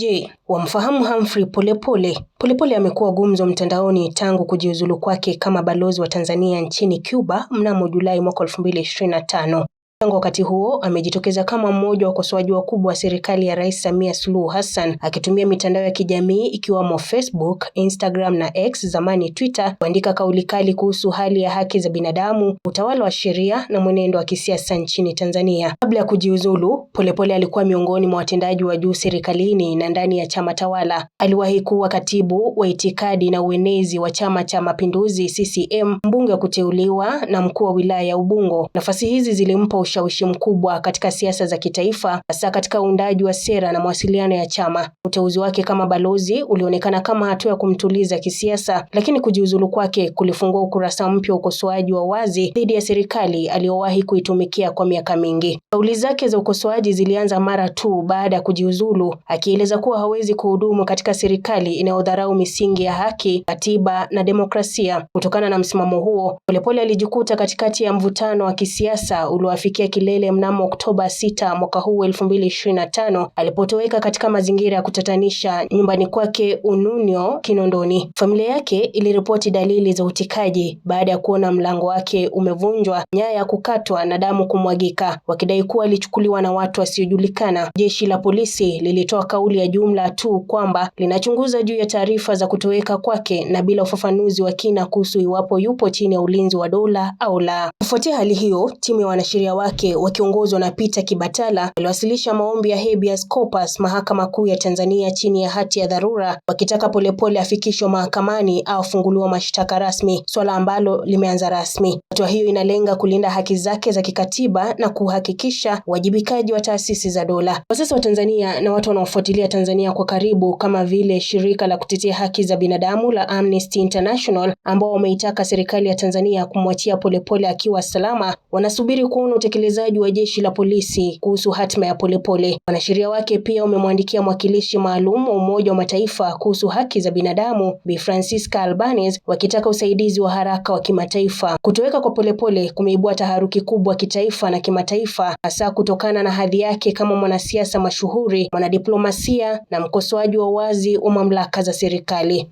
Je, wamfahamu Humphrey Polepole? Polepole amekuwa gumzo mtandaoni tangu kujiuzulu kwake kama balozi wa Tanzania nchini Cuba mnamo Julai mwaka 2025. Tangu wakati huo amejitokeza kama mmoja wa wakosoaji wakubwa wa serikali ya Rais Samia Suluhu Hassan akitumia mitandao ya kijamii ikiwamo Facebook, Instagram na X zamani Twitter kuandika kauli kali kuhusu hali ya haki za binadamu, utawala wa sheria na mwenendo wa kisiasa nchini Tanzania. Kabla ya kujiuzulu, Polepole alikuwa miongoni mwa watendaji wa juu serikalini na ndani ya chama tawala. Aliwahi kuwa katibu wa itikadi na uenezi wa Chama cha Mapinduzi CCM, mbunge wa kuteuliwa na mkuu wa wilaya ya Ubungo. Nafasi hizi zilimpa ushawishi mkubwa katika siasa za kitaifa, hasa katika uundaji wa sera na mawasiliano ya chama. Uteuzi wake kama balozi ulionekana kama hatua ya kumtuliza kisiasa, lakini kujiuzulu kwake kulifungua ukurasa mpya wa ukosoaji wa wazi dhidi ya serikali aliyowahi kuitumikia kwa miaka mingi. Kauli zake za ukosoaji zilianza mara tu baada ya kujiuzulu, akieleza kuwa hawezi kuhudumu katika serikali inayodharau misingi ya haki, katiba na demokrasia. Kutokana na msimamo huo, Polepole alijikuta katikati ya mvutano wa kisiasa ulioafikia kufikia kilele mnamo Oktoba 6 mwaka huu 2025 alipotoweka katika mazingira ya kutatanisha nyumbani kwake Ununio, Kinondoni. Familia yake iliripoti dalili za utekaji baada ya kuona mlango wake umevunjwa, nyaya kukatwa na damu kumwagika, wakidai kuwa alichukuliwa na watu wasiojulikana. Jeshi la polisi lilitoa kauli ya jumla tu kwamba linachunguza juu ya taarifa za kutoweka kwake na bila ufafanuzi wa kina kuhusu iwapo yupo chini ya ulinzi wa dola au la. Kufuatia hali hiyo, timu ya wanasheria wake wake wakiongozwa na Peter Kibatala waliwasilisha maombi ya habeas corpus mahakama kuu ya Tanzania chini ya hati ya dharura wakitaka Polepole afikishwe mahakamani au funguliwa mashtaka rasmi, swala ambalo limeanza rasmi. Hatua hiyo inalenga kulinda haki zake za kikatiba na kuhakikisha uwajibikaji wa taasisi za dola. Kwa sasa Watanzania na watu wanaofuatilia Tanzania kwa karibu kama vile shirika la kutetea haki za binadamu la Amnesty International ambao wameitaka serikali ya Tanzania kumwachia Polepole akiwa salama wanasubiri kuona utekelezaji wa jeshi la polisi kuhusu hatima ya Polepole. Mwanasheria wake pia umemwandikia mwakilishi maalum wa Umoja wa Mataifa kuhusu haki za binadamu Bi Francisca Albanese wakitaka usaidizi wa haraka wa kimataifa. Kutoweka kwa Polepole kumeibua taharuki kubwa kitaifa na kimataifa, hasa kutokana na hadhi yake kama mwanasiasa mashuhuri, mwanadiplomasia na mkosoaji wa wazi wa mamlaka za serikali.